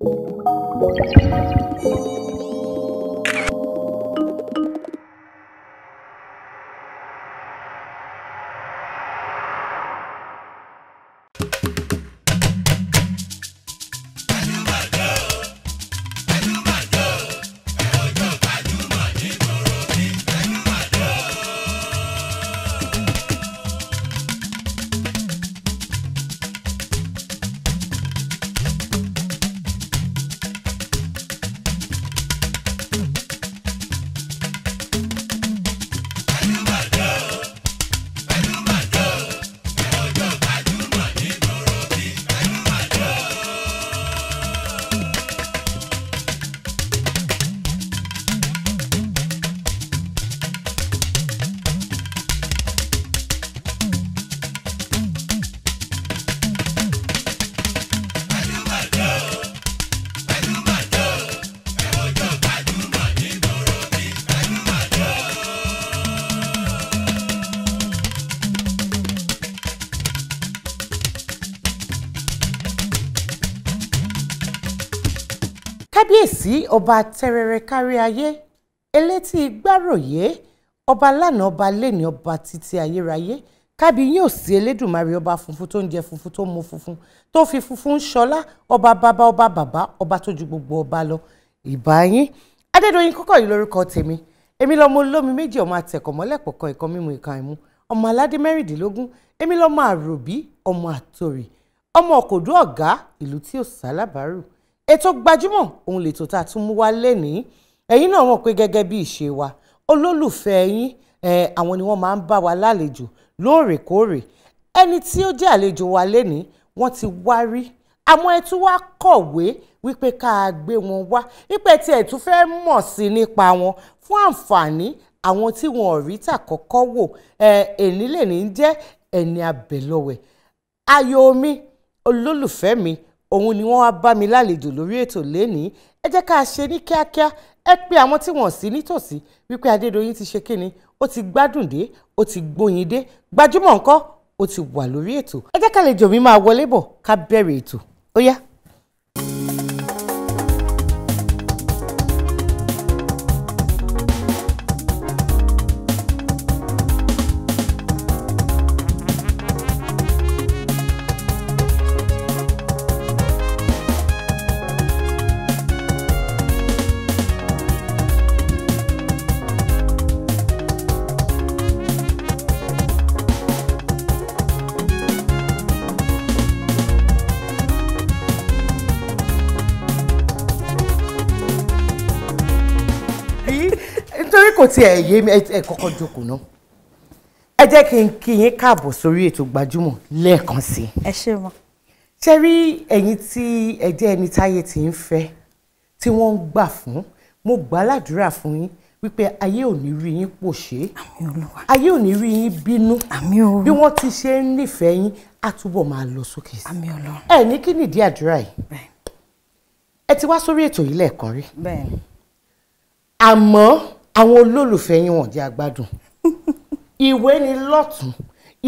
Música kábíyèsí ọba tẹrẹrẹ kárí ayé elétí gbàròyé ọba lánàá ọba lẹ́ni ọba títí ayérayé kábí yín ò sí elédùnmarè ọba funfun tó ń jẹ funfun tó ń mu funfun tó fi funfun ń ṣọlá ọba bàbá ọba bàbá ọba tó ju gbogbo ọba lọ ìbà yín adédọyìn kọkọ yìí lórúkọ tèmi èmi lọmọ olómi méjì ọmọ àtẹkọmọlẹpọkọ ìkan mímu ìkan àìmu ọmọ aládé mẹ́rìndínlógún èmi lọmọ àròbí ọmọ àtòrì ọmọ òkòdó ọ̀gá ìlú tí ò sálábàárù ètò gbajúmọ̀ òun lètò tá a tún mú wá lénìí ẹ̀yin náà mọ̀ pé gẹ́gẹ́ bí ìṣe wa olólùfẹ́ yín àwọn ni wọ́n máa ń bá wa lálejò lóòrèkóòrè ẹni tí ó jẹ́ àlejò wa lénìí wọ́n ti wá rí àmọ́ ẹ tún wá kọ̀wé wípé ká a gbé wọn wá wípé tí ẹ tún fẹ́ mọ̀ sí nípa wọn fún àǹfààní àwọn tí wọn ò rí tàkọ́kọ́ wò èní jẹ́ ẹni abẹ̀lọ́wẹ̀ ayọ̀ mi olólùfẹ́ mi òun ni wọ́n wá bá mi lálejò lórí ètò lénìí ẹ jẹ́ ká ṣe ní kíákíá ẹ pé àwọn tí wọ́n sí nítòsí wípé Adédoyin ti ṣe kíni ó ti gbádùn dé ó ti gbóyin dé gbajúmọ̀ ńkọ́ ó ti wà lórí ètò ẹ jẹ́ ká lè jò mí máa wọlé bọ̀ ká bẹ̀rẹ̀ ètò ó yá. tí ẹ yé mi ẹ kọ́kọ́ jókòó náà ẹ jẹ́ kí n kí yín káàbọ̀ sórí ètò gbajúmọ̀ lẹ́ẹ̀kan sí i. ẹ ṣé mọ. ṣe rí ẹ̀yin tí ẹ ẹni táyé tí ń fẹ́ tí wọ́n ń gbà fún mo gbà ládùúrà fún yín wípé ayé ò ní rí yín pòṣé ayé ò ní rí yín bínú bí wọ́n ti ṣe ń nífẹ̀ẹ́ yín á túbọ̀ máa lọ sókè sí i ẹ ní kí nìdí àdúrà yìí ẹ ti wá sórí ètò yìí lẹ́ẹ̀kan rí àmọ́ àwọn olólùfẹ́ yín wọ̀n jẹ́ agbádùn ìwé ni lọ́tún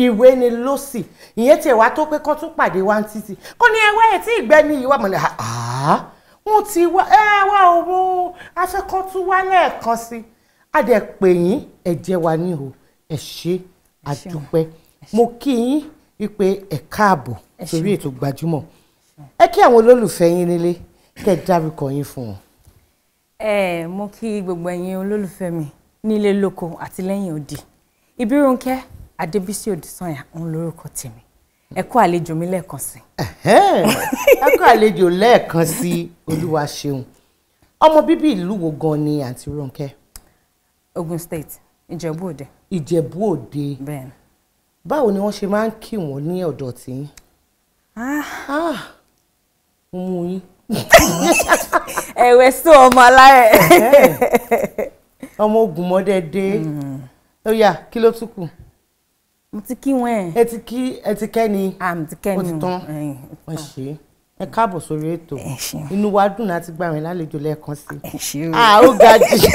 ìwé ni lọ́sì ìyẹn tiẹ̀ wá tó pé kán tún pàdé wá ń títì kó ní ẹwà ẹ̀ tí ìgbẹ́ ní ìwà mọ̀lẹ́ àá wọ́n ti wá ẹ wá owó aṣọ kan tún wá lẹ́ẹ̀kan sí i a dẹ̀ pè yín ẹ wa ní o ẹ ṣé a mo kí yín wípé ẹ káàbọ̀ torí ètò gbajúmọ̀ ẹ kí àwọn olólùfẹ́ yín nílé kẹ́ ẹ dárúkọ yín fún wọn ẹ mo kí gbogbo ẹ̀yin olólùfẹ́ mi nílé lóko àti lẹ́yìn odi Ìbírónkẹ́ Adébísí Odùsànyà òun lórúkọ tèmi ẹ kú àlejò mi lẹ́ẹ̀kan sí. ẹ kú àlejò lẹ́ẹ̀kan sí olúwa ṣeun ọmọ bíbí ìlú wo gan ni àǹtí Rónkẹ́. Ogun State Ìjẹ̀bú Òde. Ìjẹ̀bú Òde. bẹ́ẹ̀ni. báwo ni wọ́n ṣe máa ń kí wọ́n ní ọ̀dọ̀ tí. ah ah mo mú yín. ẹ̀wẹ̀ sí ọmọ alára ẹ̀. ọmọ ogun mọ́dẹ dé mm. ó yá kí ló tún kù. mo ti kí wọn ẹ. ẹ ti kí ẹ ti kẹ́ni ó ti tán ẹ ṣe é ẹ káàbọ̀ sórí ètò inú wa dùn láti gbà yín lálejò lẹ́ẹ̀kan sí i ó ga jù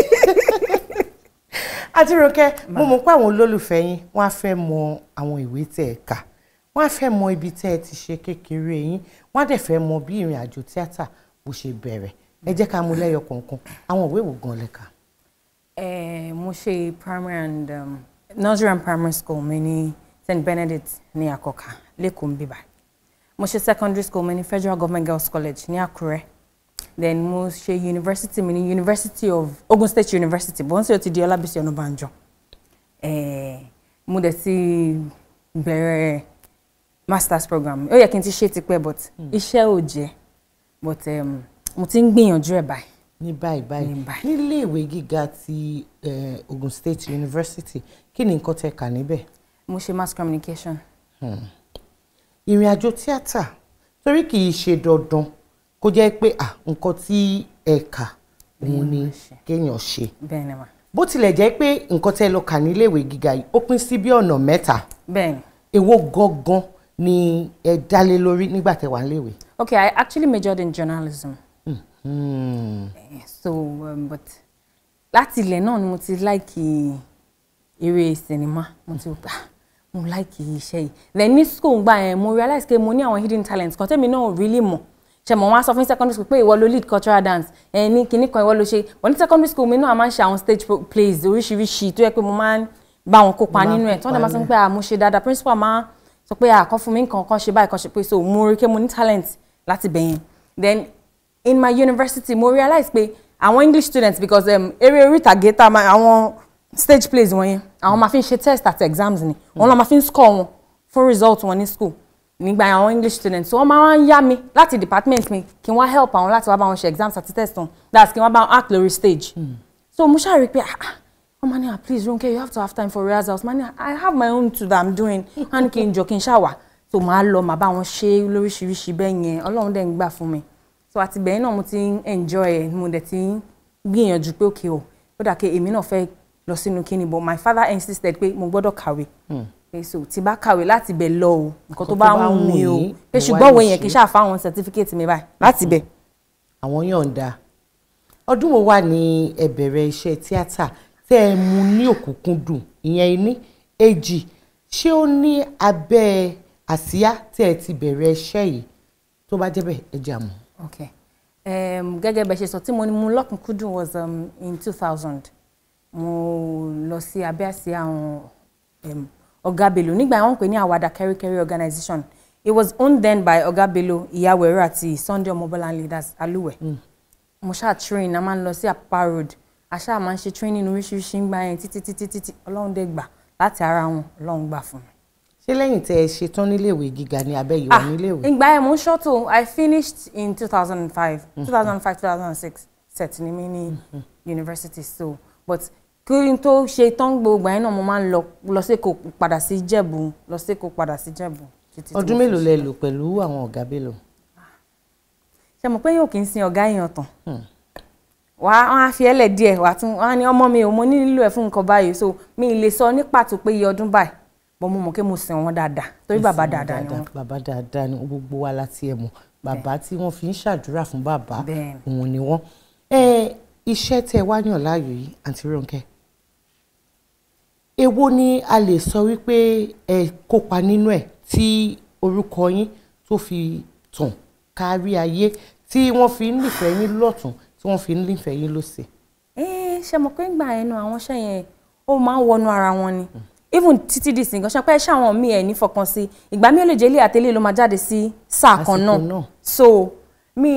àti Rónkẹ́ mo mọ̀ pé àwọn olólùfẹ́ yín wọ́n á fẹ́ mọ àwọn ìwé tẹ̀ ẹ̀ kà wọ́n á fẹ́ mọ ibi tẹ́ ẹ ti ṣe kékeré yín wọ́n á dẹ̀ fẹ́ mọ bí ìrìn àjò tíátà bó ṣe bẹ̀rẹ̀ ẹ jẹ́ ká mú lẹ́yọ kọ̀ọ̀kan àwọn ìwé wo gan lẹ́ka. ẹ mo ṣe primary and um, nursery and primary school mi ní St Benedict ní Àkọkà lẹ́kọ̀ọ́ nbíbà mo ṣe secondary school mi ní Federal Government Girls College ní akure, then mo ṣe university mi ní University of Ogun State University bọ́n sì ti di Ọlábísí Ọ̀nàbànjọ́ mo dẹ̀ ti bẹ̀rẹ̀ masters program ó yẹ kí n ti ṣe tipẹ́ but hmm. iṣẹ́ ò jẹ́ but um, mo ti ń gbìyànjú ẹ̀ báyìí. ní báyìí báyìí nílé ìwé gíga ti Ogun State University kí ni nǹkan tẹ́ kà níbẹ̀. mo ṣe mass communication. Hmm. ìrìn àjò tíátà torí kì í ṣe dandan kó jẹ́ pé nǹkan tí ẹ̀ka òun ni kéèyàn ṣe bó tilẹ̀ jẹ́ pé nǹkan tẹ́ lọ kà níléèwé gíga yìí ó pín sí bí ọ̀nà mẹ́ta èwo gangan ni ẹ dálé lórí nígbà tẹ́ wà níléèwé. okay i actually majored in journalism. Mm. Mm. so um, but láti ilẹ̀ náà ni mo ti láìkì eré sinimá mo ti gbà ah, mo láìkì iṣẹ́ yìí then ní school gbà yẹn mo realize pé mo ní àwọn hidden talents kan tẹ́mi náà really mọ̀ ṣe mo wá sọ fún secondary school pé ìwọ ló lead cultural dance ẹ ní kinní kan ìwọ ló ṣe wọn ní secondary school mi náà máa ń ṣe àwọn stage plays oríṣiríṣi tó yẹ pé mo máa ń bá wọn kópa nínú ẹ tí wọn dẹ̀ máa sọ pé àmúṣe ah, dáadáa principal máa ń sọ pé àkọ́ ah, fún mi nǹkan kan ṣe báyìí kan ṣe pé so mo rí pé mo ní talent láti bẹ̀yẹn then in my university mo realize pé àwọn English students because um, eré orí ìtàgé tá àwọn stage plays wọ̀nyẹn àwọn máa fi ń ṣe test àti exams ni wọ́n lọ́ọ́ máa fi ń score wọn fún result wọn ní school nígbà àwọn English students wọ́n máa ń yá mi láti department mi kí wọ́n help àwọn láti wá bá wọn ṣe exams àti test wọn that's kí wọ́n bá wọn act lórí stage hmm. so mo ṣáà rí i ah, ah Oh, Mania, ah, please, Ronke, you have to have time for rehearsals. Mania, I have my own too that I'm doing. And kí n jọ So my lọ my bá wọn ṣe lóríṣiríṣi bẹ́ẹ̀ yẹn. Ọlọ́run dẹ̀ ń gbà fún mi. So àti bẹ́ẹ̀ náà mo ti enjoy ẹ̀ mo dẹ̀ ti ń gbìyànjú pé òkè o. Ó dà lost èmi náà but my father insisted pé mo gbọ́dọ̀ kàwé. Hmm. So tiba bá kàwé láti bẹ̀ lọ o nǹkan tó go ń mi o. Pé ṣùgbọ́n òwe yẹn kì í ṣàfà àwọn certificate mi báyìí láti hmm. bẹ̀. Àwọn yọ̀ǹda ọdún wo wà ní ẹ bẹ̀rẹ̀ iṣẹ́ tíátà tẹ́ ẹ mú ní òkúnkúndùn ìyẹn ní èjì ṣé ó ní abẹ́ àsíá tẹ́ ẹ ti bẹ̀rẹ̀ iṣẹ́ yìí tó bá jẹ́ ẹ jẹ́ àmọ́. okay um, gẹ́gẹ́ bẹ́ẹ̀ ṣe sọ tí mo ní mú lọ́kùnkúndùn was um, in two thousand mo lọ sí abẹ́ àsíá àwọn um, Ọ̀gá Bello nígbà wọ́n pè ní Àwàdà Kẹ́ríkẹ́rí organization it was owned then by Ọ̀gá Bello Ìyáwẹ̀rẹ̀ àti Sunday Ọmọbọ́lá leaders Aluwe hmm. mo ṣáà train a máa ń lọ sí Apapa road a ṣáà máa ń ṣe training oríṣiríṣi ń gbà yẹn títí títí títí ọlọ́run dẹ̀ gbà láti ara wọn ọlọ́run gbà fún mi. ṣé lẹ́yìn tẹ́ ẹ ṣe tán níléèwé gíga ni abẹ́ yìí wà ah, níléèwé. ìgbà ẹ̀ ṣọ́tò i finished in 2005. 2005, 2006 five two thousand and set ni mi ní university so but kí n tó ṣe tán gbogbo yẹn náà mo máa ń lọ lọ sí kò padà sí jẹ̀bù lọ sí kò padà sí jẹ̀bù. ọdún mélòó lẹ lò pẹ̀lú àwọn ọ̀gá bélò. Ah. ṣe mọ̀ pé yóò kí n sin ọ̀gá èèyàn tán hmm wàá wọn á fi ẹlẹ díẹ̀ wàá tún wọn á ní ọmọ mi ò mo nílò ẹ fún nǹkan báyìí so mi ì lè sọ ní pàtó pé iye ọdún báyìí bọ́n mo mọ̀ kí mo sìn wọn dáadáa torí bàbá dáadáa ni wọn. bàbá dáadáa ni gbogbo wa láti ẹ̀ mọ̀ bàbá tí wọ́n fi ń ṣàdúrà fún bàbá òun ni wọ́n. ẹ iṣẹ́ tẹ wá yàn láàyò yìí àǹtí Rónkẹ́ èwo ni a lè sọ wípé ẹ kópa nínú ẹ̀ tí orúkọ yín tó fi tàn kárí ayé tí wọ́n fi ń nífẹ̀ẹ́ yín lọ́tún tí wọ́n fi ń lífẹ̀ẹ́ yín lọ́sì. ẹ ṣe mọ̀ pé gbà ẹnu àwọn iṣẹ́ yẹn ó máa ń wọnú ara wọn ni even títí di sìn ganṣẹ́ pé ẹ ṣàwọn míì ẹ̀ ní sí ìgbà mi ò lè jẹ́ ilé ló máa jáde sí sáà kan náà so mi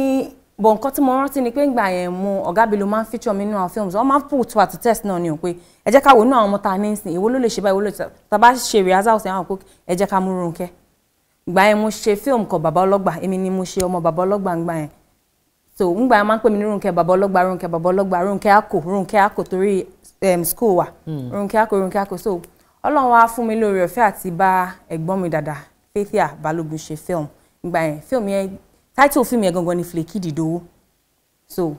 bọ̀ nǹkan tí mo rántí ni pé gbà yẹn mo ọ̀gá mi ló máa ń feature mi nínú àwọn films wọ́n máa ń put to test náà ni o pé ẹ jẹ́ ká wo inú àwọn ọmọ ta ní sìn èwo ló lè ṣe báyìí èwo ló lè ṣe tàbá ṣe rehearsal ọ̀sẹ̀ àwọn àpòkè ẹ jẹ́ ká mú Rónkẹ́. ìgbà yẹn mo ṣe fíìmù kan bàbá ọlọ́gbà èmi ni mo ṣe ọmọ bàbá ọlọ́gbà ń gbà yẹn so ngbà máa ń pè mí ní Rónkẹ́ bàbá ọlọ́gba Rónkẹ́ bàbá ọlọ́gba Rónkẹ́ àkò Rónkẹ́ àkò torí school wa hmm. Rónkẹ́ àkò Rónkẹ́ àkò so ọlọ́run wá fún mi lórí ọ̀fẹ́ àti bá ẹ̀gbọ́n mi dàda Fathia Balógun ṣe film ìgbà yẹn film yẹn title film yẹn gangan ni Flèkì Ìdòwú so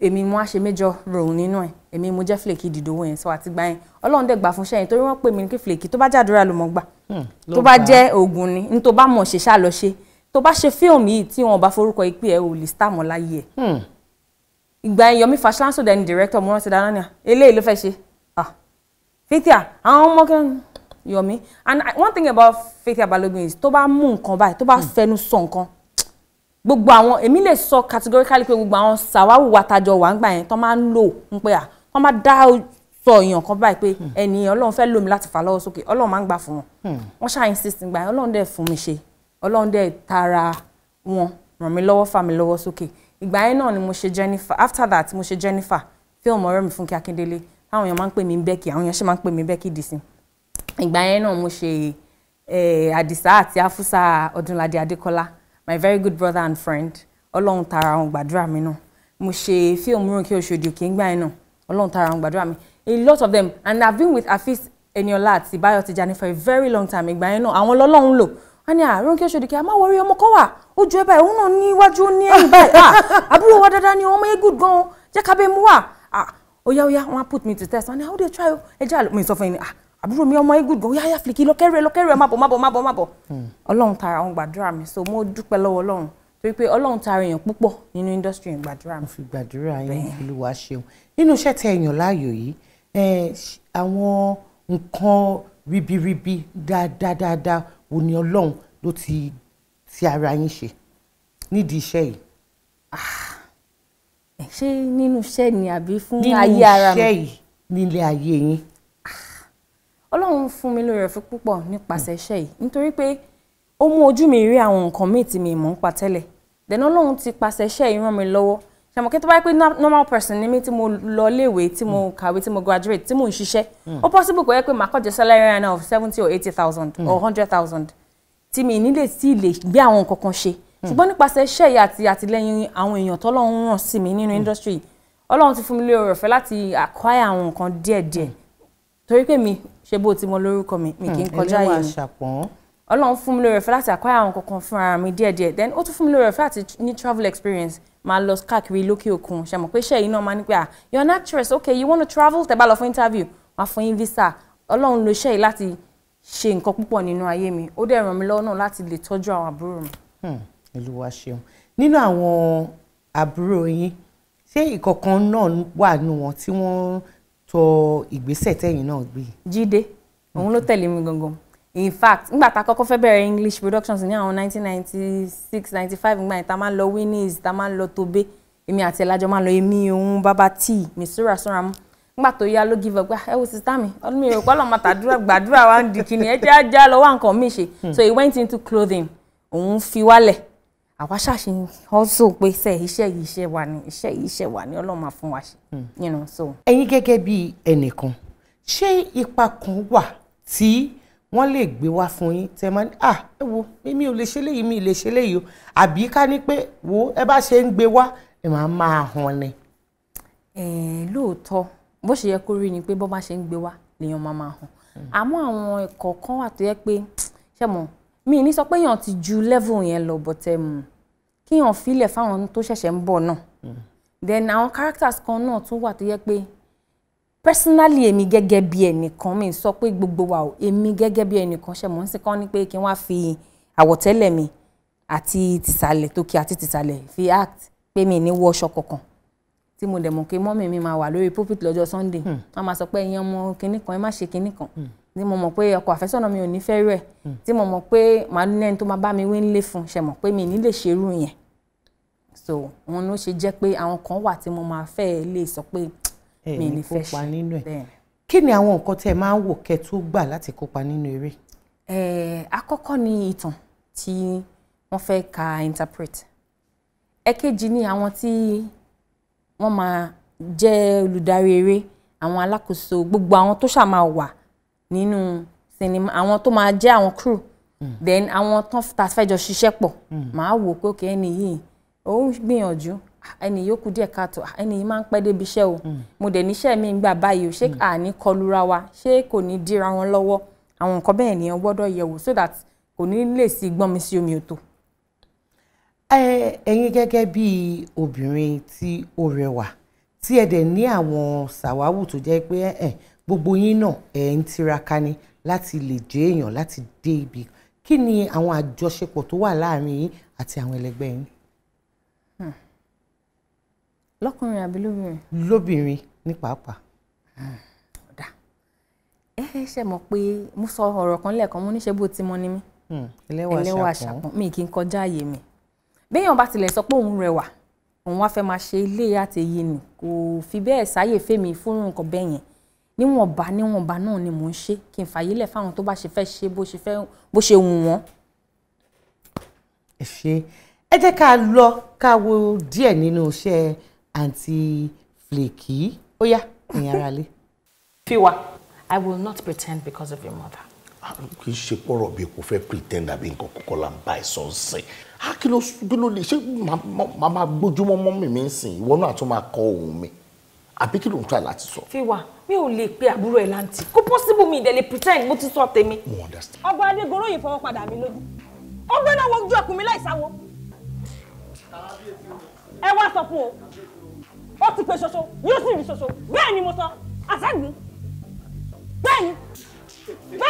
èmi mo á ṣe méjọ role nínú ẹ̀ èmi mo jẹ́ Flèkì Ìdòwú yẹn so àti gbà yẹn ọlọ́run dẹ̀ gbà fún sẹ́yìn torí wọ́n pè mí ní kí Flèkì tó bá jẹ́ àdúrà ló mọ̀ gbà hmm, tó bá jẹ́ òògùn ni ní tó bá mọ̀ ṣe ṣáà lọ ṣe tó bá ṣe fíìmù yìí tí wọn bá forúkọ yìí ẹ ò lè star láyé ẹ hmm. ìgbà yẹn Yomi Fashlanso dẹni director mo rántí dáná ni eléyìí ló fẹ́ ṣe Fathia àwọn ọmọ kan Yomi and one thing about Fathia Balogun is tó bá mú nǹkan báyìí tó bá hmm. fẹnu sọ nǹkan gbogbo àwọn èmi lè sọ categorically pé gbogbo àwọn sàwáwù àtàjọ wà ń gbà yẹn tó máa ń lò ń pé à wọ́n máa dá sọ èèyàn kan báyìí pé hmm. ẹni Ọlọ́run fẹ́ lò láti fà lọ́wọ́ sókè Ọlọ́run máa ń gbà fún wọn wọ́n ṣáà gbà yẹn Ọlọ́run dẹ̀ fún mi ṣe ọlọ́run dẹ̀ tara wọn ràn mí lọ́wọ́ fà mí lọ́wọ́ sókè ìgbà yẹn náà ni mo ṣe Jennifer after that mo ṣe Jennifer fíìmù ọ̀rẹ́ mi Fúnkẹ́ Akíndélé àwọn èèyàn máa ń pè mí Becky àwọn èèyàn ṣe máa ń pè mí Becky Dìsìn ìgbà yẹn náà mo ṣe Àdìsá àti Afusa Ọdúnladé Adékọlá my very good brother and friend ọlọ́run tara àwọn gbàdúrà mi náà mo ṣe fíìmù ròkè Òṣòdì Òkè ńgbà yẹn náà ọlọ́run tara àwọn gbàdúrà mi a lot of them and I've been with Afis Eniola àti Bayo Tijani for a very long time ìgbà yẹn náà àwọn lọ́lọ́run lò Ah, a ní àárọ̀ kí oṣù dìkẹ́ a máa wọrí ọmọ kọ́ wà ó ju ẹ báyìí òun náà ní iwájú ó ní ẹ̀yìn báyìí ah, àbúrò wa dáadáa ni ọmọ eégún gan jẹ́ ká bẹ́ẹ̀ mú wà oya ah, oya wọn put me to test wọn ni how dey try o ẹ jẹ́ àlọ́ mi sọ fún yín àbúrò mi ọmọ eégún gan oya oya fìlìkì lọ́kẹ́rẹ́ lọ́kẹ́rẹ́ má bọ̀ má bọ̀ má bọ̀ má bọ̀ hmm. ọlọ́run tara àwọn gbàdúrà mi so mo dúpẹ́ lọ́wọ́ ọlọ́run torí pé ọlọ́run tara èèyàn púpọ̀ nínú industry yẹn gbàdúrà mi. mo fi gbàdúrà yín olúwa ṣeun nínú iṣẹ́ tẹ èèyàn láàyò yìí àwọn nǹkan ribiribi dáadáa dáadáa wo ni ọlọ́run ló ti ti ara yín ṣe nídìí iṣẹ́ yìí. Ah. ṣé nínú iṣẹ́ ni àbí fún ayé ara mi nínú iṣẹ́ yìí nílé ayé yín. ọlọ́run fún mi lóore ọ̀fẹ́ púpọ̀ nípasẹ̀ iṣẹ́ yìí nítorí pé ó mú ojú mi rí àwọn nǹkan míì tí mi mọ̀ ń pa tẹ́lẹ̀ dẹ̀nà ọlọ́run ti pasẹ̀ iṣẹ́ yìí ràn mí lọ́wọ́ ṣàmọ̀ kí tó bá yẹ pé normal person ni mí tí mo lọ léèwé tí mo hmm. kàwé tí mo graduate tí mo ń ṣiṣẹ́ hmm. ó possible kó yẹ pé màá kọ̀jẹ́ salary right now of seventy or eighty thousand hmm. or hundred thousand tí mi nílé tí ì lè gbé àwọn nǹkan kan ṣe ṣùgbọ́n nípasẹ̀ iṣẹ́ yìí àti àtìlẹ́yìn àwọn èèyàn tọ́lọ́run ràn sí mi nínú industry ọlọ́run ti fún mi lé oore ọ̀fẹ́ láti acquire àwọn nǹkan díẹ̀díẹ̀ torí pé mi ṣe bó ti mọ lórúkọ mi mi kì í kọjá yìí ọlọ́run fún mi lóore ọ̀fẹ́ láti acquire àwọn nǹkan kan fúnra mi díẹ̀díẹ̀ then ó tún fún mi lóore ọ̀fẹ́ àti ní travel experience máa lọ káàkiri lókè òkun ṣe mọ̀ pé ṣe yìí náà ní pé ah you are an actress okay you want to travel tẹ́ bá lọ fún interview wàá fún yín visa ọlọ́run lo ṣe yìí láti ṣe nǹkan púpọ̀ nínú ayé mi ó dẹ̀ ràn mí lọ́wọ́ náà láti lè tọ́jú àwọn àbúrò mi. Hmm, Olúwa ṣeun nínú àwọn àbúrò yín ṣé ìkọ̀kan náà wà nù wọn tí wọ́n tọ ìgbésẹ̀ tẹ̀yìn náà gbé. Jídé òun ló hmm. tẹ̀lé mi gangan in fact nígbà tá a kọ́kọ́ fẹ́ english productions ní àwọn nineteen ninety six ninety five nígbà yẹn tá a lọ winnies tá a lọ tobe èmi àti ẹ̀lájọ máa ń lọ èmi òun bàbá tí mi sóra sóra mú nígbà tó yá ló give up gba ah, ẹ wo sista mi ọdún mi ò pọ́ lọ́ọ́ máa tàdúrà gbàdúrà wa ń di kíni ẹ jẹ́ ajá lọ wá nǹkan mi ṣe hmm. so he went into clothing òun fi wálẹ̀ àwa ṣàṣì also pé sẹ iṣẹ́ yìí iṣẹ́ wa ni iṣẹ́ yìí iṣẹ́ wa ni Ọlọ́run máa fún wa ṣe. Hmm. ẹ̀yin gẹ́gẹ́ bí ẹnìkan ṣé ipa kan wà tí wọ́n lè gbé wá fún yín tẹ́ máa ní à ẹ wo mi ò lè ṣe léyìí mi ì lè ṣe léyìí o àbí ká ní pé wo ẹ bá ṣe ń gbé wá ẹ máa máa hàn ni. ẹ lóòótọ́ bó ṣe yẹ kó rí ni pé bó bá ṣe ń gbé wá lèèyàn máa máa hàn àmọ́ àwọn ẹ̀kọ́ kan wà tó yẹ pé ṣe mọ̀ mi ní sọ pé èèyàn ti ju level yẹn lọ bọ̀tẹ́ mu kíyàn filẹ̀ fáwọn tó ṣẹ̀ṣẹ̀ ń bọ̀ náà hmm. then àwọn characters kan náà tún wà tó yẹ pé personally èmi gẹ́gẹ́ bí ẹnìkan mi sọ pé gbogbo wa o èmi gẹ́gẹ́ bí ẹnìkan ṣe mọ̀ ń sìnkán ni pé kí wọ́n á fi àwọ̀tẹ́lẹ̀ mi àti tìsàlẹ̀ tókè àti tìsàlẹ̀ fi act pé mi ní wọṣọ kankan tí mo dẹ̀ mọ̀ pé mọ́mì mi máa wà lórí pulpit lọ́jọ́ sunday hmm. wọ́n máa sọ pé ẹ̀yin ọmọ kinní kan ẹ má ṣe kinní kan hmm. tí mo mọ̀ pé ọkọ àfẹ́sọ̀nà mi ò ní fẹ́ rẹ̀ hmm. tí mo mọ̀ pé màá ní ẹni tó máa bá mi wí ń lé fún ṣe mọ̀ pé mi ní lè ṣerú yẹn so òun ló ṣe jẹ́ pé àwọn kan wà tí mo máa fẹ́ lè sọ pé mi ní fẹ́ ṣe bẹ́ẹ̀ kí ni àwọn nǹkan tẹ́ ẹ máa ń wò kẹ́ tó gbà láti kópa nínú eré. àkọ́kọ́ ni ìtàn tí wọ́n fẹ́ ka interpret ẹ̀kejì ni àwọn tí wọ́n máa jẹ́ olùdarí eré àwọn alákòóso gbogbo àwọn tó ṣáà máa wà nínú sinimá àwọn tó máa jẹ́ àwọn crew hmm. then àwọn tó ta fẹ́ jọ ṣiṣẹ́ pọ̀ máa hmm. wò pé òkè ẹni yìí ó ń gbìyànjú ẹni yòókù díẹ̀ káàtó ah, ẹni yìí máa ń pẹ́ débi iṣẹ́ o hmm. mo dẹ̀ níṣẹ́ mi ń gbà báyìí o ṣé àní hmm. kọlura wa ṣé kò ní dira wọn lọ́wọ́ àwọn nǹkan bẹ́ẹ̀ ni ẹ gbọ́dọ̀ yẹ̀ wò so that kò ní lè sí gbọ́n mi sí omi òtò. ẹ̀yin gẹ́gẹ́ bí obìnrin tí ó rẹwà tí ẹ dẹ̀ ní àwọn sàwáwù tó jẹ́ pé gbogbo yín náà ẹ̀ ń tiraka ni láti lè jẹ́ èèyàn láti dé ibi kí ni àwọn àjọṣepọ̀ tó wà láàrin yín àti àwọn ẹlẹgbẹ́ yín lọ́kùnrin àbí lóbìnrin. lóbìnrin ní pàápàá. ọ̀dà ẹ ṣe mọ̀ pé mo sọ ọ̀rọ̀ kan lẹ́ẹ̀kan mo níṣẹ́ bó ti mọ ni mí. Hmm, ẹlẹ́wà ṣàpọ̀n mi kì í kọjá àyè mi. béèyàn bá tilẹ̀ sọ pé òun rẹwà òun wá fẹ́ máa ṣe ilé àtẹ̀yẹ ni kò fi bẹ́ẹ̀ sáyè fẹ́mi fún nǹkan bẹ́ẹ̀ yẹn níwọ̀nba níwọ̀nba náà ni mò ń ṣe kí n fàyè lẹ̀ fáwọn tó bá ṣe fẹ́ ṣe bó ṣe wù wọ́n. ẹ ṣe ẹ jẹ́ ká lọ ká wo díẹ̀ nínú iṣẹ́ Anti flaky Oh yeah. ẹ̀yin ará Fiwa I will not pretend because of your mother. Ah, kì í ṣe pọ̀rọ̀ bí kò fẹ́ pretend àbí nǹkan kọ́kọ́ la ń bá ẹ̀ sọ́ọ̀sẹ̀ ah, kí ló kí ló lè ṣe màá gbójúmọ́ mọ́ mi mi ń sìn ìwọ náà tún máa kọ òun mi àbí kí ló ń try láti sọ. Fiwa mi ò lè pe àbúrò ẹ̀ láǹtì kó possible mi ìdẹ̀ pretend mo ti sọ tèmi. mo understand. ọgbà adégoro yìí fọwọ́ padà mi lójú ọgbẹ́ náà wọ́n ojú ẹkùn mi láì sáwọ́ ẹ wá sọ fún o ó ti pè ṣoṣo yóò sì rí ṣoṣo bẹ́ẹ̀ ni mo sọ àṣàgbé bẹ́ẹ̀ ni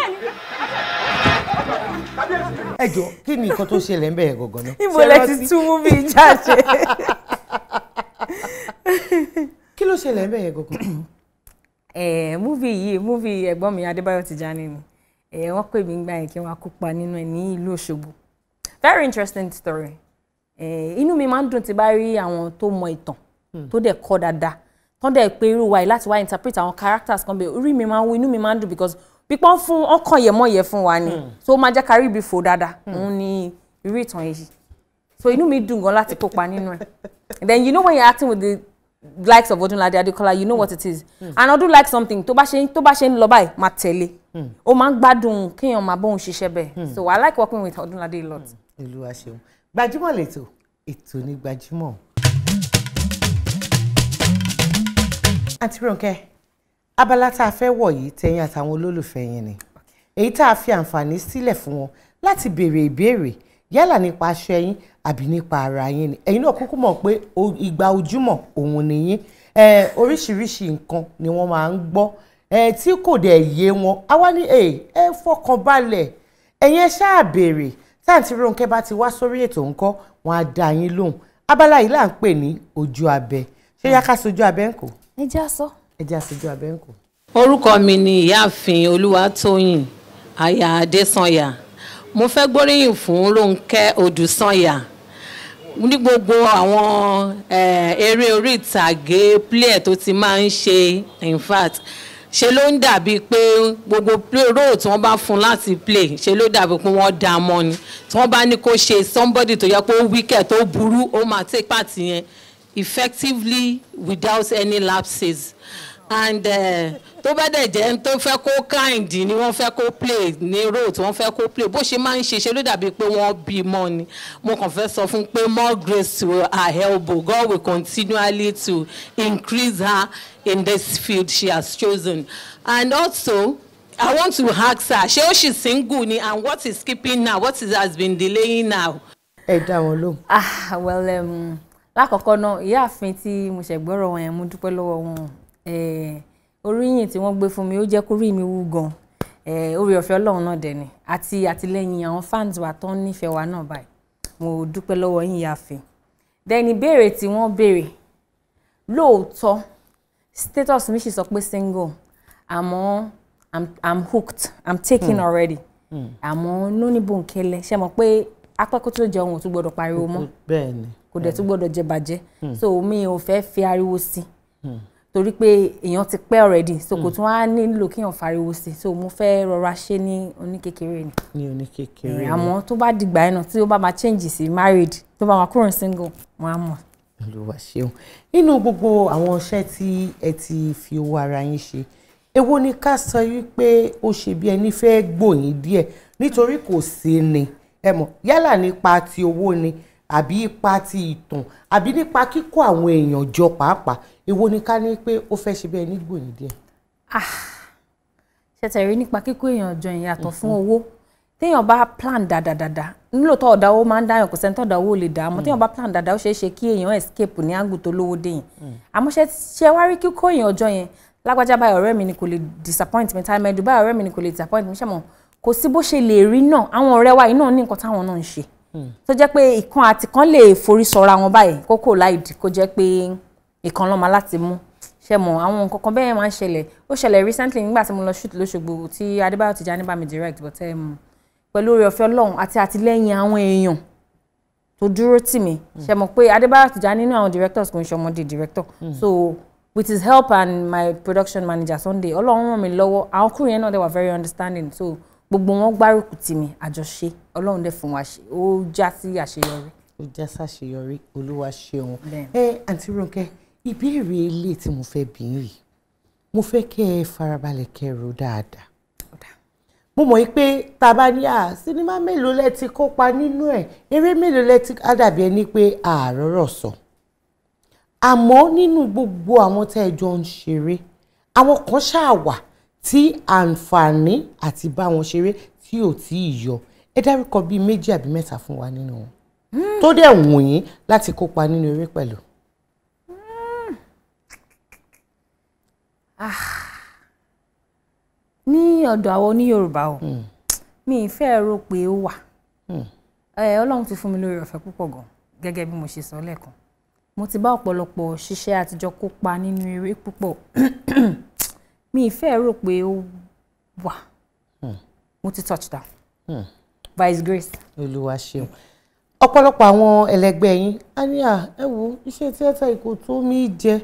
bẹ́ẹ̀ ni. ẹ jọ kí ni nǹkan tó ṣẹlẹ̀ ń bẹ̀rẹ̀ gọ̀gàn náà. ibo lẹ ti tú mú bíi jáde. kí ló ṣẹlẹ̀ ń bẹ̀rẹ̀ gọ̀gàn. ẹ múvi yìí múvi ẹ̀gbọ́n mi Adébáyọ̀ Tìjání ni ẹ eh, wọ́n pè mí gbà yẹn kí wọ́n kópa nínú ẹ̀ ní ìlú Òṣogbo very interesting story eh, inú mi máa ń dùn tí bá rí àwọn tó mọ ìtàn Hmm. tó dẹ̀ kọ́ dáadáa tó dẹ̀ pé irú wa yìí láti wá interpret àwọn characters kan bẹ́ẹ̀ orí mi máa ń wú inú mi máa ń dùn because pípọ́n fún ọkàn yẹ̀mọ́yẹ̀ fún wa ni hmm. so ó máa jẹ́ kárí ibi fò dáadáa hmm. òun ni irú ìtàn yìí so inú mi dùn gan láti kópa nínú ẹ̀ then you know when you're acting with the likes of Odunlade Adekola you know what it is and I do like something tó bá ṣe tó bá ṣe ń lọ báyìí máa tẹ̀lé ó máa ń gbádùn kéèyàn máa bóun ṣiṣẹ́ bẹ́ẹ̀ so I like working with Odunlade a lot. Olúwa ṣeun gbajúmọ̀ lẹ́tọ̀ ètò ní gbajúmọ̀ àǹtí Rónkẹ́ abala tá a fẹ́ wọ̀ yìí tẹ̀yìn àtàwọn olólùfẹ́ yín ni èyí tá a fi àǹfààní sílẹ̀ fún wọn láti béèrè ìbéèrè yálà nípa aṣọ ẹ̀yin àbí nípa ara yín ni ẹ̀yin náà kúkú mọ̀ pé ìgbà ojúmọ́ òun nìyín oríṣiríṣi nǹkan ni wọ́n máa ń gbọ́ tí kò dẹ̀ yé wọn àwa ní ẹ fọkàn balẹ̀ ẹ̀yin ẹ ṣáà béèrè táǹtí Rónkẹ́ bá ti wá sórí ètò ńkọ́ wọn á dá yín lóhùn abala yìí là ń pè ní ojú abẹ ṣé yá ká sojú abẹ ńkọ́ ẹ já sọ. ẹ já síjú abẹ́ǹkù. orúkọ mi ni ìyáàfin olúwatóyìn aya adésànyà mo fẹ́ gbóríyìn fún rónkẹ́ odùsànyà ní gbogbo àwọn eré orí ìtàgé player tó ti máa ń ṣe in fact ṣe ló ń dàbíi pé gbogbo role tí wọ́n bá fún láti play ṣe ló dàbíi pé wọ́n dá ni tí wọ́n bá ní kó ṣe somebody tó yẹ kó wíkẹ̀ tó burú ó máa take part yẹn effectively without any lapses and uh, tó bá dẹ̀ jẹ́ tó fẹ́ kó kind ni wọ́n fẹ́ kó play ní road wọ́n fẹ́ kó play bó ṣe máa ń ṣe ṣe ló dàbí pé wọ́n bí mọ́ ni mo kàn fẹ́ sọ fún pé more grace to her elbow God will continually to increase her in this field she has chosen and also I want to ask her ṣé ó ṣì single ni and what is keeping now what is, has been delaying now. ẹ dá wọn lóhùn. ah well um, lákọ̀ọ́kọ́ náà ìyáàfin tí mo ṣẹ̀gbọ́rọ̀ wọn yẹn mo dúpẹ́ lọ́wọ́ wọn oríyìn tí wọ́n gbé fún mi ó jẹ́ kó rí mi wú gan oore ọ̀fẹ́ ọlọ́run náà dẹ̀ ni àti àtìlẹ́yìn àwọn fans wa tó ń nífẹ̀ẹ́ wa náà báyìí mo dúpẹ́ lọ́wọ́ yín ìyáàfin dẹ́ni béèrè tí wọ́n béèrè lóòótọ́ status mi sì sọ pé single àmọ́ I'm, I'm hooked I'm taken mm. already hmm. àmọ́ mm. nóníbòǹkẹ́lẹ́ ṣe mọ̀ pé apẹ́ kó tó jẹun ò tún gbọ́dọ̀ pariwo mọ́ kò dẹ̀ tún gbọ́dọ̀ jẹ bàjẹ́ hmm. so mi ò fẹ́ fi ariwo sí hmm. torí pé èèyàn ti pẹ́ already so kò hmm. tún á nílò kéèyàn fariwo sí so mo fẹ́ rọra ṣe ní oníkékeré ni ní oníkékeré ni àmọ́ tó bá dìgbà ẹ̀ náà tí ó bá máa change sí married tó bá máa kúrò single wọn á mọ̀. olùwà ṣeun nínú gbogbo àwọn iṣẹ́ tí ẹ ti fi owó ara yín ṣe èwo ni ká sọ wípé ó ṣe bí ẹni fẹ́ gbòyìn díẹ̀ nítorí kò sí ni ẹ mọ̀ yálà nípa ti owó ni àbí ipa ti ìtàn àbí nípa kíkó àwọn èèyàn jọ pàápàá èwo ni ká ní pé ó fẹ́ ṣe bẹ́ẹ̀ nígbò ní díẹ̀. Ah, ṣètẹ̀ rí nípa kíkó èèyàn jọ ìyàtọ̀ fún mm-hmm. owó téèyàn bá plan dáadáa nílòótọ́ ọ̀dà owó máa ń dáyàn kò sẹ́ni tọ́dà owó lè dà á mọ́ mm. téèyàn bá plan dáadáa ó ṣeé ṣe kí èèyàn escape ní àgùn tó lówó dé yẹn mm. àmọ́ ṣe wá rí kíkó èèyàn jọ yẹn lágbájá báyọ̀ ọ̀rẹ́ mi ni kò lè disappoint mi táìmẹ́dù báyọ̀ ọ̀rẹ́ mi ni kò lè disappoint mi ṣẹ́mọ̀ kò sí bó ṣe lè rí náà àwọn ọ̀rẹ́ wa yìí náà ní nǹkan táwọn náà ń ṣe hmm. tó jẹ́ pé ìkan àti kan lè forí sọra wọn báyìí kókò láì dì kó jẹ́ pé ìkan lọ́mọ láti mú ṣe mọ̀ àwọn nǹkan kan bẹ́ẹ̀ máa ń ṣẹlẹ̀ ó ṣẹlẹ̀ recently nígbà tí mo lọ shoot lóṣogbo tí Adébáyọ̀ Tìjání bá mi direct but um, pẹ̀lú oore ọ̀fẹ́ Ọlọ́run àti àtìlẹ́yìn àwọn èèyàn tó dúró tì mí hmm. ṣe mọ̀ pé Adébáyọ̀ Tìjání nínú àwọn directors kò ń ṣe ọmọdé director hmm. so with his help and my production manager Sunday Ọlọ́run ràn mí lọ́wọ́ àwọn kúrò yẹn náà they were very understanding so gbogbo wọn gbárùkù tì mí àjọṣe ọlọ́run dẹ̀ fún wa ṣe ó já sí àṣeyọrí. ó já sàṣeyọrí olúwa ṣeun. ẹ àǹtí Rónkẹ́ ìbéèrè ilé tí mo fẹ́ bí yìí mo fẹ́ kẹ́ ẹ farabalẹ̀ kẹ́ ẹ rò dáadáa mo mọ̀ pé tá a bá ní sinimá mélòó lẹ ti kópa nínú ẹ̀ eré mélòó lẹ ti dàbí ẹni pé àárọ̀rọ̀ sọ àmọ́ nínú gbogbo àwọn tá ẹ jọ ń ṣeré àwọn kan ṣáà wà tí àǹfààní àti bá wọn ṣeré tí ò tí ì yọ ẹ dárúkọ bíi méjì àbí mẹ́ta fún wa nínú wọn hmm. tó dẹ̀ wù yín láti kópa nínú eré pẹ̀lú. Hmm. Ah. ní ọ̀dọ̀ àwọn oní Yorùbá o hmm. mi ì fẹ́ rò pé ó wà Ọlọ́run ti fún mi lórí ọ̀fẹ́ púpọ̀ gan gẹ́gẹ́ bí mo ṣe sọ lẹ́ẹ̀kan mo ti bá ọ̀pọ̀lọpọ̀ ṣiṣẹ́ àtijọ́ kópa nínú eré púpọ̀ mi ìfẹ́ rò pé ó wà hmm. mo ti touch down by hmm. his grace. olúwa ṣeun ọ̀pọ̀lọpọ̀ àwọn ẹlẹgbẹ́ yín á ní à ẹ wo iṣẹ́ tíátà ikò tó mí jẹ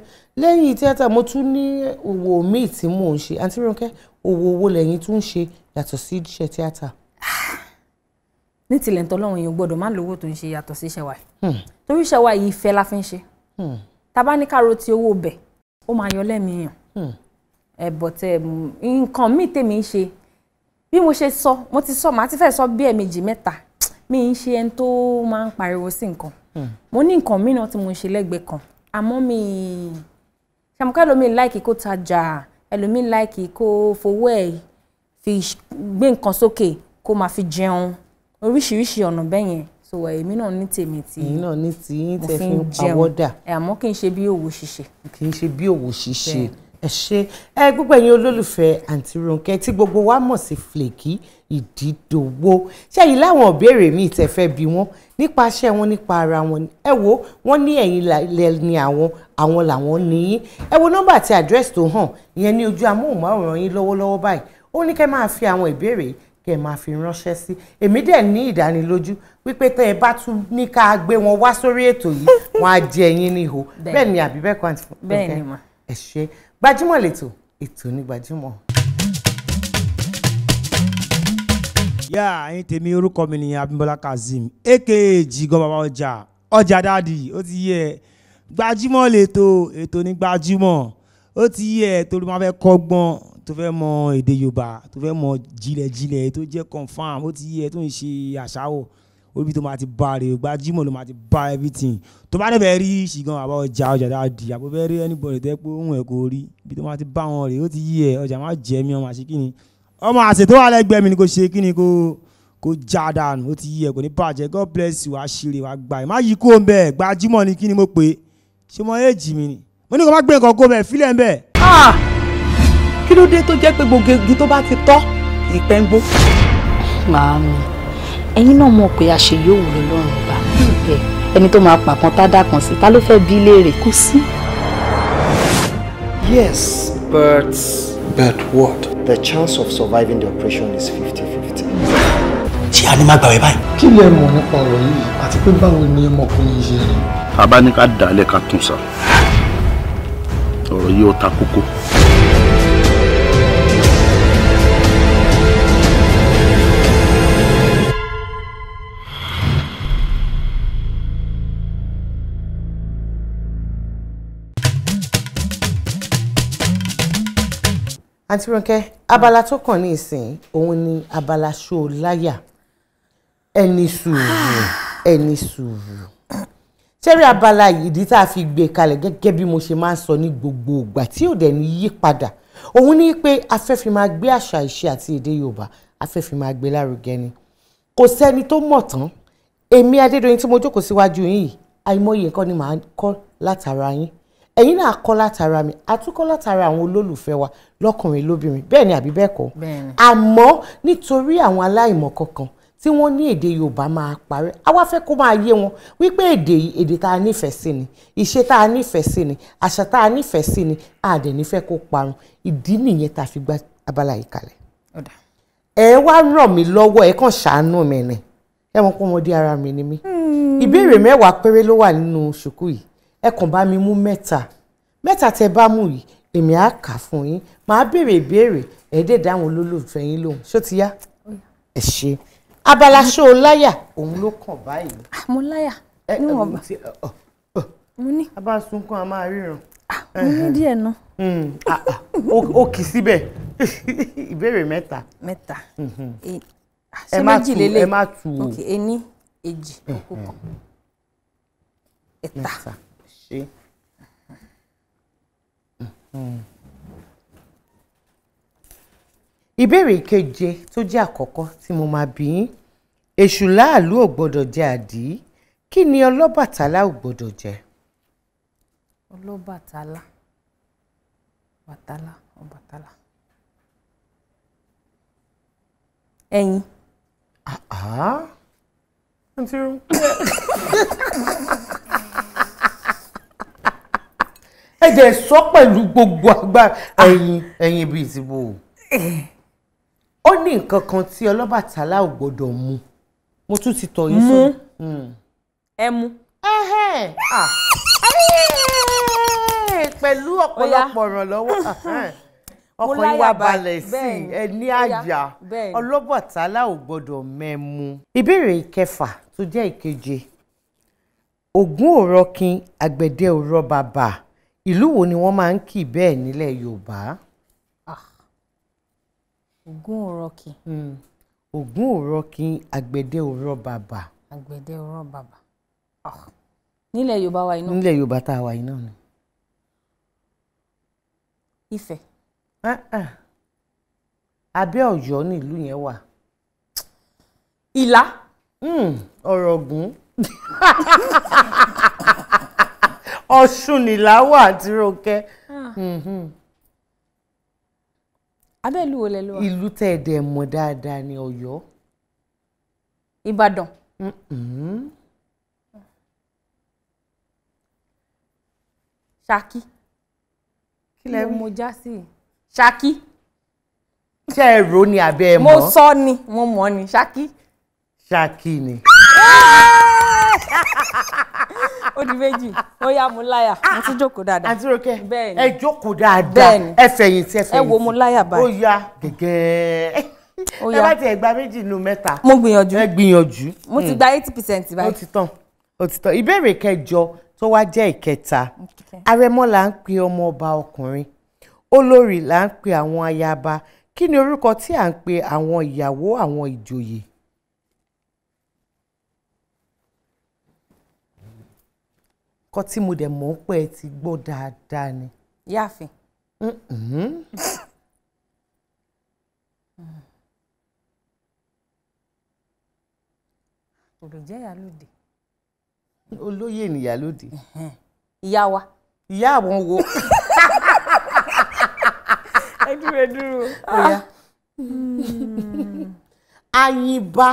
lẹ́yìn tíátà mo tún ní òwò míì tí mò ń ṣe àǹtí Rónkẹ́ òwò owó lẹ́yìn tún ń ṣe yàtọ̀ sí iṣẹ́ tíátà. ní tilẹ̀ ntọ́ lọ́run yẹn gbọ́dọ̀ má lówó tó ń ṣe yàtọ̀ sí iṣẹ́ wa yìí hmm. torí iṣẹ́ wa yìí ìfẹ́ la fi ń ṣe tá ti owó bẹ̀ ó máa yọ lẹ́mìí yàn Eh, but um, nǹkan míì tèmi ń ṣe bí mo ṣe sọ mo ti sọ màá ti fẹ́ sọ bí ẹ̀ẹ̀mejì mẹ́ta mi ń ṣe ẹni tó máa ń pariwo sí nǹkan hmm. mo ní nǹkan mìíràn tí mo ń ṣe lẹ́gbẹ̀ẹ́ kan àmọ́ mi ṣàmùkà ẹlòmíì láìkì kó tajà ẹlòmíì láìkì kó fowó ẹ̀ fi gbé nǹkan sókè kó máa fi jẹun oríṣiríṣi ọ̀nà bẹ́ẹ̀ yẹn so èmi náà ní tèmi tí èmi náà ní tí yín tẹ fi ń pawọ́dà eh, àmọ́ kì í ṣe bí òwò ṣíṣe. kì í ṣe bí òwò ṣíṣe ẹ ṣe ẹ gbogbo ẹ̀yin olólùfẹ́ àǹtí Ronke tí gbogbo wa mọ̀ sí Flèkì Ìdídòwò ṣẹ́yìn láwọn ìbéèrè mi ìtẹ̀fẹ́ bí wọ́n nípa iṣẹ́ wọn nípa ara wọn ẹ wo wọ́n ní ẹ̀yin lẹ́ni àwọn àwọn làwọn níyìn ẹ wo nọ́mbà àti address tó hàn ìyẹn ní ojú amóhùnmáwòrán yín lọ́wọ́lọ́wọ́ báyìí ó ní kẹ́ máa fi àwọn ìbéèrè kẹ́ máa fi ránṣẹ́ sí èmi dẹ̀ ní ìdánilójú wípé tẹ́ ẹ bá tún ní ká gbé wọn wá sórí ètò yìí wọn á jẹ ẹyin ní ihò bẹ́ẹ̀ ni àbí bẹ́ẹ̀ kọ́ àǹtí Ronke. bẹ́ẹ̀ ni mà ẹ ṣe gbajúmọ̀ lẹ́tọ̀ ètò ní gbajúmọ̀. yá ẹyin tèmi orúkọ mi ni Abímbọ́lá Kazeem aka Jigan bàbá ọjà ọjà dáàdì ó ti yẹ gbajúmọ̀ lẹ́tọ̀ ètò ní gbajúmọ̀ ó ti yẹ torí máa fẹ́ kọ́gbọ́n tó fẹ́ mọ èdè Yorùbá tó fẹ́ mọ jílẹ̀jílẹ̀ tó jẹ́ confam ó ti yẹ tó ń ṣe àṣàwọ̀ orí tó máa ti bá rè gba jimoh ló máa ti bá everything tó bá dẹ̀bẹ̀ rí ṣìgàn àbá ọjà ọjà dáa di àbò bẹ́ẹ̀ rí anybody tẹ́ pé òun ẹ̀ kò rí ibi tó máa ti bá wọn rè ó ti yí ẹ̀ ọjà máa jẹ́ mi ọmọ àṣẹ kíni ọmọ àṣẹ tó wà lẹ́gbẹ̀ẹ́ mi ni kò ṣe kíni kò kò já dànù ó ti yí ẹ̀ kò ní bàjẹ́ god bless you wàá ṣeré wàá gbà ẹ̀ má yí kó ń bẹ̀ gba jimoh ni kíni mo pè ṣé mo éèjì mi ni mo ní kó má gbé nǹkan kó bẹ̀ fílẹ̀ ń bẹ̀. Ah! kí ló dé tó jẹ́ pé gbogbo igi tó bá ti ẹ̀yin náà mọ̀ pé àṣeyọ òwò lọ́rùn gbà ẹni tó máa pàkan tádà kan sí ta ló fẹ́ bí léèrè kú sí. yes but. but what. the chance of surviving the operation is fifty fifty. tí a ní má gbàgbé báyìí. kí lẹ mọ̀ nípa ọ̀rọ̀ yìí àti pé báwo ni ọmọkùnrin yìí ṣe rìn. a bá ní ká dàálẹ̀ ká tún sá ọ̀rọ̀ yìí ó ta kókó. àǹtí Rónkẹ́ abala tó kàn ní ìsìn òun ni abala ṣó láyà ẹni sùúrù ẹni sùúrù ṣẹ́rí abala ìdí tá a fi gbé kalẹ̀ gẹ́gẹ́ bí mo ṣe máa ń sọ ní gbogbo ìgbà tí ò dẹ̀ ní yí padà òun ni pé a fẹ́ máa gbé àṣà ìṣe àti èdè Yorùbá a máa gbé lárugẹ ni kò sẹ́ni tó mọ̀ tán èmi Adédoyin tí mo jókòó síwájú yín àìmọye nǹkan ni màá kọ́ látara yín ẹ̀yin náà kọ́ látara mi àtúkọ́ látara àwọn olólùfẹ́ wa lọ́kùnrin lóbìnrin bẹ́ẹ̀ ni àbí bẹ́ẹ̀ kọ́ àmọ́ nítorí àwọn aláìmọ̀ kankan tí wọ́n ní èdè Yorùbá máa parẹ́ àwa fẹ́ kó máa yé wọn wípé èdè yìí èdè tá a nífẹ̀ẹ́ sí ni ìṣe tá a nífẹ̀ẹ́ sí ni àṣà tá a nífẹ̀ẹ́ sí ni a dẹ̀ kó parun ìdí nìyẹn tá a fi gba abala yìí kalẹ̀. ẹ wá ràn mí lọ́wọ́ ẹ kàn ṣàánú mi ni ẹ mọ̀ pé ọmọdé ara mi ni mí. Hmm. ìbéèrè mẹ́wàá péré ló wà nínú ṣùkú yìí ẹ kàn bá mi mú mẹ́ta mẹ́ta tẹ bá mú yìí èmi á kà fún yín màá béèrè ìbéèrè ẹ̀ẹ́dẹ̀ dáhùn olólùfẹ́ yín lóhùn ṣó ti yá ẹ ṣe abala ṣó o láyà òun ló kàn báyìí. mo láyà níwọ̀n bá mo ní. a bá sunkún a máa ríran. mo ní díẹ̀ náà. ó hmm, kì í síbẹ̀ ìbéèrè mẹ́ta. mẹ́ta hmm. e, ṣé méjì lélẹ̀ ẹ má tù ú. ok ení èjì òkú kan ṣe. Hmm. ìbéèrè keje tó jẹ́ àkọ́kọ́ tí mo máa bi yín èṣù láàlú ò gbọ́dọ̀ jẹ àdí kí ni ọlọ́bàtálá ò gbọ́dọ̀ jẹ. ọlọ́bàtálá bàtálá ọbàtálá ẹyin. àhá. ǹtí rú. ẹ dẹ̀ sọ pẹ̀lú gbogbo àgbà ah. ẹ̀yin ẹ̀yin bíi ìdìbò eh. ó ní nǹkan kan tí Ọlọ́bàtálá ò gbọ́dọ̀ mu mo tún ti tọ̀ yín fún hmm. ẹ mu ah. pẹ̀lú ọ̀pọ̀lọpọ̀ ìrànlọ́wọ́ ọkọ̀ yín wá balẹ̀ sí ẹ ní àyà Ọlọ́bàtálá ò gbọ́dọ̀ mẹ́mu. ìbéèrè ìkẹfà tó jẹ́ ìkeje ògún òrọ́kin àgbẹ̀dẹ òrọ́ bàbà ìlú wo ni wọ́n máa ń kì bẹ́ẹ̀ nílẹ̀ yorùbá. ògún òrọ̀kì. ògún òrọ̀kì àgbẹ̀dẹ òrọ̀ bàbà. àgbẹ̀dẹ òrọ̀ bàbà. Ah, nílẹ̀ yorùbá wa iná. nílẹ̀ yorùbá tá a wà iná ni. ifẹ̀. abẹ́ ọ̀yọ́ ni ìlú yẹn wà. ìlá. Hmm, ọ̀rọ̀ ògún. ọ̀ṣun nìláwọ̀ àti ronke. Ah. Mhm. abẹ́ẹ̀lú wo lẹ ló wà. ìlú tẹ́ ẹ̀ dẹ̀ mọ̀ dáadáa ní ọ̀yọ́. ìbàdàn. ṣákí. kí lẹ mú já sí i. ṣákí. ṣé ẹ rò ni àbẹ́ ẹ mọ̀. mo sọ ni mo mọ̀ ni ṣákí. ṣákí ni. Ah! ó di méjì ó yá mu láyà mo tún jókòó dáadáa àti ròkè bẹ́ẹ̀ni ẹ jókòó dáadáa ẹ fẹ̀yìntì ẹ ẹ wo mu láyà báyìí ó yá gẹ́gẹ́ ó yá ẹ bá tiẹ̀ gba méjì nínú mẹ́ta mo gbìyànjú ẹ gbìyànjú mo ti hmm. gba eighty percent báyìí ó ti tán ó ti tán ìbéèrè kẹjọ tó wá jẹ́ ìkẹta arẹmọ là ń pe ọmọ ọba ọkùnrin olórí là ń pe àwọn ayaba kí ni orúkọ tí à ń pe àwọn ìyàwó àwọn ìjòyè kọ́ tí mo dẹ̀ mọ̀ ń pẹ́ ẹ ti gbọ́ dáadáa ni. yáàfin. òrò jẹ́ ìyálòdì. olóyè ni ìyálòdì. ìyá wa. ìyá àwọn wo. ẹ dúró ẹ dúró. àyìnbá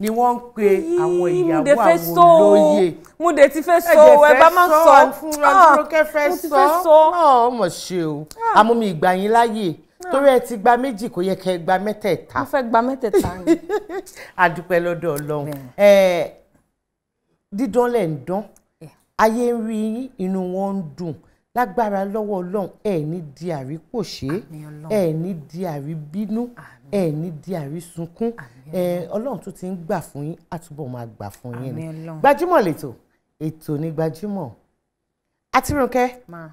ni wọ́n ń pe àwọn ìyàwó àwọn olóyè. mo dé ti fẹ́ sọ ẹ bá máa ń sọ ẹ fúnra dúró kẹfẹ́ sọ ah, ọ ah, mọ̀ ṣe o àmọ́ ah. mi ìgbà yín láàyè torí ẹ ti gba méjì kò yẹ kẹ gba mẹ́tẹ̀ẹ̀ta. mo fẹ́ gba mẹ́tẹ̀ẹ̀ta ni. àdúpẹ́ lọ́dọ̀ ọlọ́run dídán lẹ̀ ń dán ayé ń rí inú wọn ń dùn lágbára lọ́wọ́ ọlọ́run ẹ̀ ní di àrípòṣe ẹ̀ ní di àríbínú. Ah ẹ ní di àrísunkún ẹ ọlọ́run tó ti ń gbà fún yín àtúbọ̀ máa gbà fún yín ni gbajúmọ̀ lẹ́tọ̀ ètò ní gbajúmọ̀ àtirànkẹ́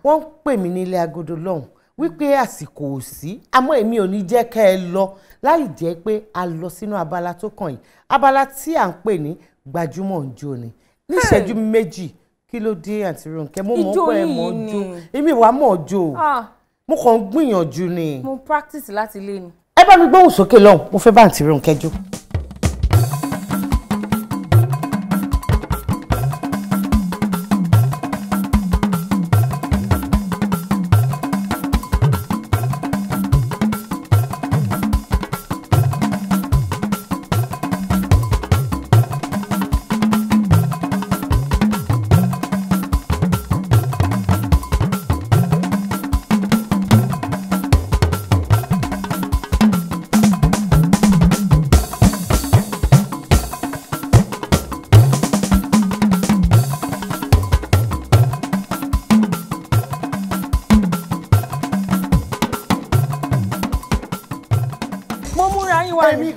wọ́n ń pè mí nílé agodo lọ́hùn wípé àsìkò ò sí àmọ́ èmi ò ní jẹ́ kẹ́ ẹ lọ láì jẹ́ pé a lọ sínú abala tó kàn yìí abala tí à ń pè ní gbajúmọ̀ ń jó ni ní ìṣẹ́jú méjì kí ló dé àǹtí Rónkẹ́ mo mọ̀ pé ẹ mọ̀ jó èmi wàá mọ̀ jó ah. mo kàn ń gbìyànjú ni. mo practice láti ilé ni ẹ bá mi gbóhùn sókè lọ́hùn mo fẹ́ bá àǹtí Rónkẹ́ jó.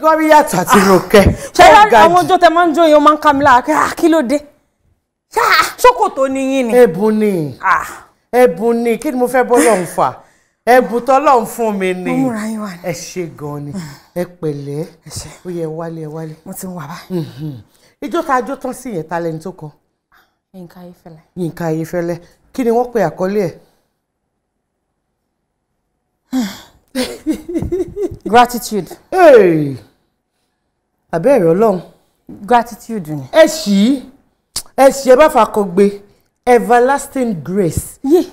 lórí yàtọ̀ àti ah, ròkẹ́. ṣé àwọn ọjọ́ tẹ máa ń jó yẹn ó máa ń ká mi lára ah, kí ló dé ṣókòtò ni yín ni. ẹ̀bùn ni ah. ẹ̀bùn ni kí ni mo fẹ́ bọ́ lọ́hùn fà ẹ̀bùn tọ́lọ́hùn fún mi ni ẹ ṣe gan ni ẹ pẹ̀lẹ́ ó yẹ wálé ẹ wálé. mo ti ń wà báyìí. Mhm. ijó ta ajó tán sí ìyẹn ta lẹni tó kọ. Yínká Ayéfẹ́lẹ́. Yínká Ayéfẹ́lẹ́ kí ni wọ́n pe àkọlé ẹ̀. Hmm. gratitude. Hey àbẹ́rẹ́ ọlọ́run. gratitude ni. ẹ ṣí ẹ ṣí ẹ bá fakọ everlasting grace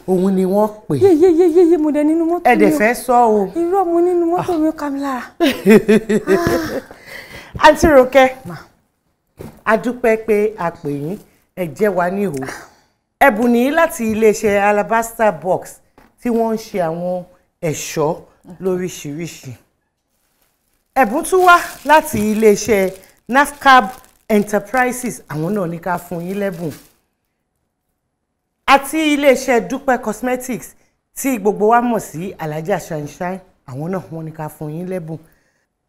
òun ni wọ́n pè. yé yé yé yé yé mo dẹ nínú mọ́tò mi o ẹ dẹ̀ fẹ́ sọ o. irọ́ mo nínú mọ́tò mi kà mí lára. àǹtí Rónkẹ́ a dúpẹ́ pé a pè yín ẹ jẹ́ wa ní ìhò ẹ̀bùn nìyí láti iléeṣẹ́ alabaster box tí wọ́n ń ṣe àwọn ẹ̀ṣọ́ lóríṣiríṣi ẹ̀bùn tún wá láti iléeṣẹ́ nafcab enterprises àwọn náà ní ká fún yín lẹ́bùn àti iléeṣẹ́ dúpẹ́ cosmetics tí gbogbo wa mọ̀ sí alájà sunshine àwọn náà wọ́n ní ká fún yín lẹ́bùn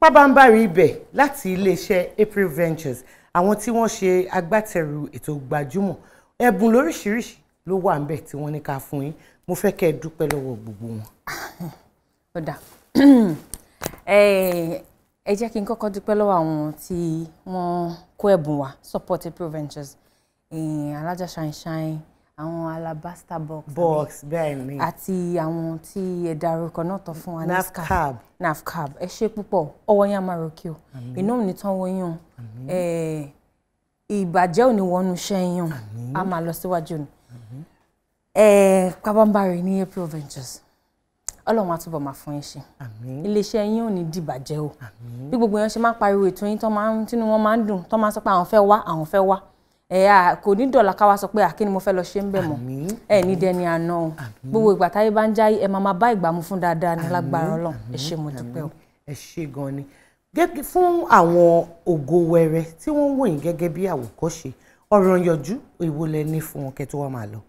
pábánbárì ibẹ̀ láti iléeṣẹ́ april ventures àwọn tí wọ́n ṣe agbátẹrù ètò gbajúmọ̀ ẹ̀bùn lóríṣiríṣi ló wà ńbẹ̀ tí wọ́n ní ká fún yín mo fẹ́ kẹ́ ẹ dúpẹ́ lọ́wọ́ gbogbo wọn. ẹ jẹ́ kí n kọ́kọ́ dúpẹ́ lọ́wọ́ àwọn tí wọ́n kó ẹ̀bùn wa support April Ventures alájà ṣàìṣàì àwọn alabaster box box bẹ́ẹ̀ ni àti àwọn tí ẹ darúkọ náà tán fún wa ní nafcab nafcab ẹ ṣe púpọ̀ ọwọ́ yẹn á máa rọ̀kì o iná mi tán wọ́n yàn ìbàjẹ́ ò ní wọnú iṣẹ́ yàn á máa lọ síwájú ni pàbámbarì ní April Ventures ọlọ́run á túbọ̀ máa fún yín ṣe iléeṣẹ́ yín ò ní dìbàjẹ́ o bí gbogbo yẹn ṣe máa ń pariwo ètò yín tínú wọn máa ń dùn tó máa ń sọ pé àwọn fẹ́ wá àwọn fẹ́ wá ẹ̀yà kò ní dọ̀là káwa sọ pé àkí mo fẹ́ lọ ṣe ń bẹ̀ mọ́ ẹ̀ ní dẹni àná o gbogbo ìgbà táyé bá ń jáyé ẹ̀ máa máa bá ìgbà mu fún dáadáa ní lágbára ọlọ́run ẹ ṣé mo dúpẹ́ o. ẹ ṣé gan ni gẹ́gẹ́ fún àwọn ògo wẹrẹ tí wọ́n ń wòyìn bí àwòkọ́ṣe ọ̀rọ̀ yọjú ìwọlẹ̀ ní fún wọn kẹ́ tó máa lọ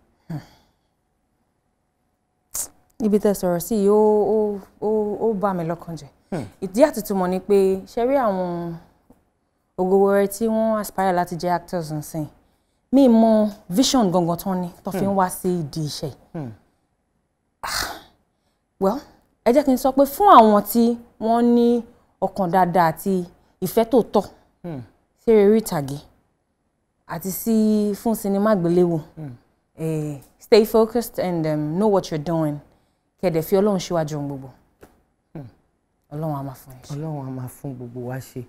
ibi tẹ́ sọ̀rọ̀ sí yìí ó ó ó ó bà mí lọ́kàn jẹ́ hmm. ìdí àtìtúmọ̀ ni pé ṣe rí àwọn ògòwòrẹ́ tí wọ́n aspire láti jẹ́ actors nsìn mi mọ vision gangan tán ni tó fi ń hmm. wá sí ìdí iṣẹ́ hmm. ah, well ẹ jẹ́ kí n sọ pé fún àwọn tí wọ́n ní ọkàn dáadáa àti ìfẹ́ tó tọ́ sí eré ìtàgé àti sí fún sinimá àgbéléwò eh, stay focused and um, know what you're doing kẹ̀dẹ̀ fi ọlọ́run ṣíwájú ohun gbogbo hmm. ọlọ́run á máa fún yín ṣe. ọlọ́run á máa fún gbogbo wa ṣe.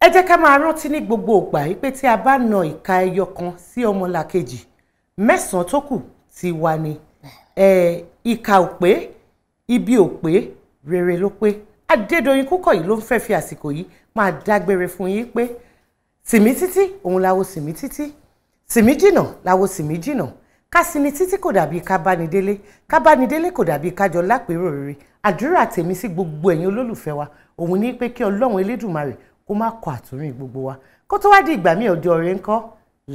ẹ jẹ́ ká máa rántí ní gbogbo ìgbà yìí pé tí a bá na ìka ẹyọ kan sí ọmọlàkejì mẹ́sàn-án tó kù ti wa ni ìka ò pé ibi ò pé rere ló pé Adédoyin Kúkọ̀yí ló ń fẹ́ fi àsìkò yìí máa dágbére fún yín pé tìmí títí òun láwo tìmí títí tìmí jìnà láwo tìmí jìnà kásìni títí kò dàbí ká báni délé ká báni délé kò dàbí kájọ lápérò rere àdúrà tèmi sí gbogbo ẹ̀yin olólùfẹ́ wa òun ní pé kí ọlọ́run elédùmarè kó má kọ àtúrìn gbogbo wa kó tó wá di ìgbà míì ọjọ́ rẹ ńkọ́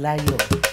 láyọ̀.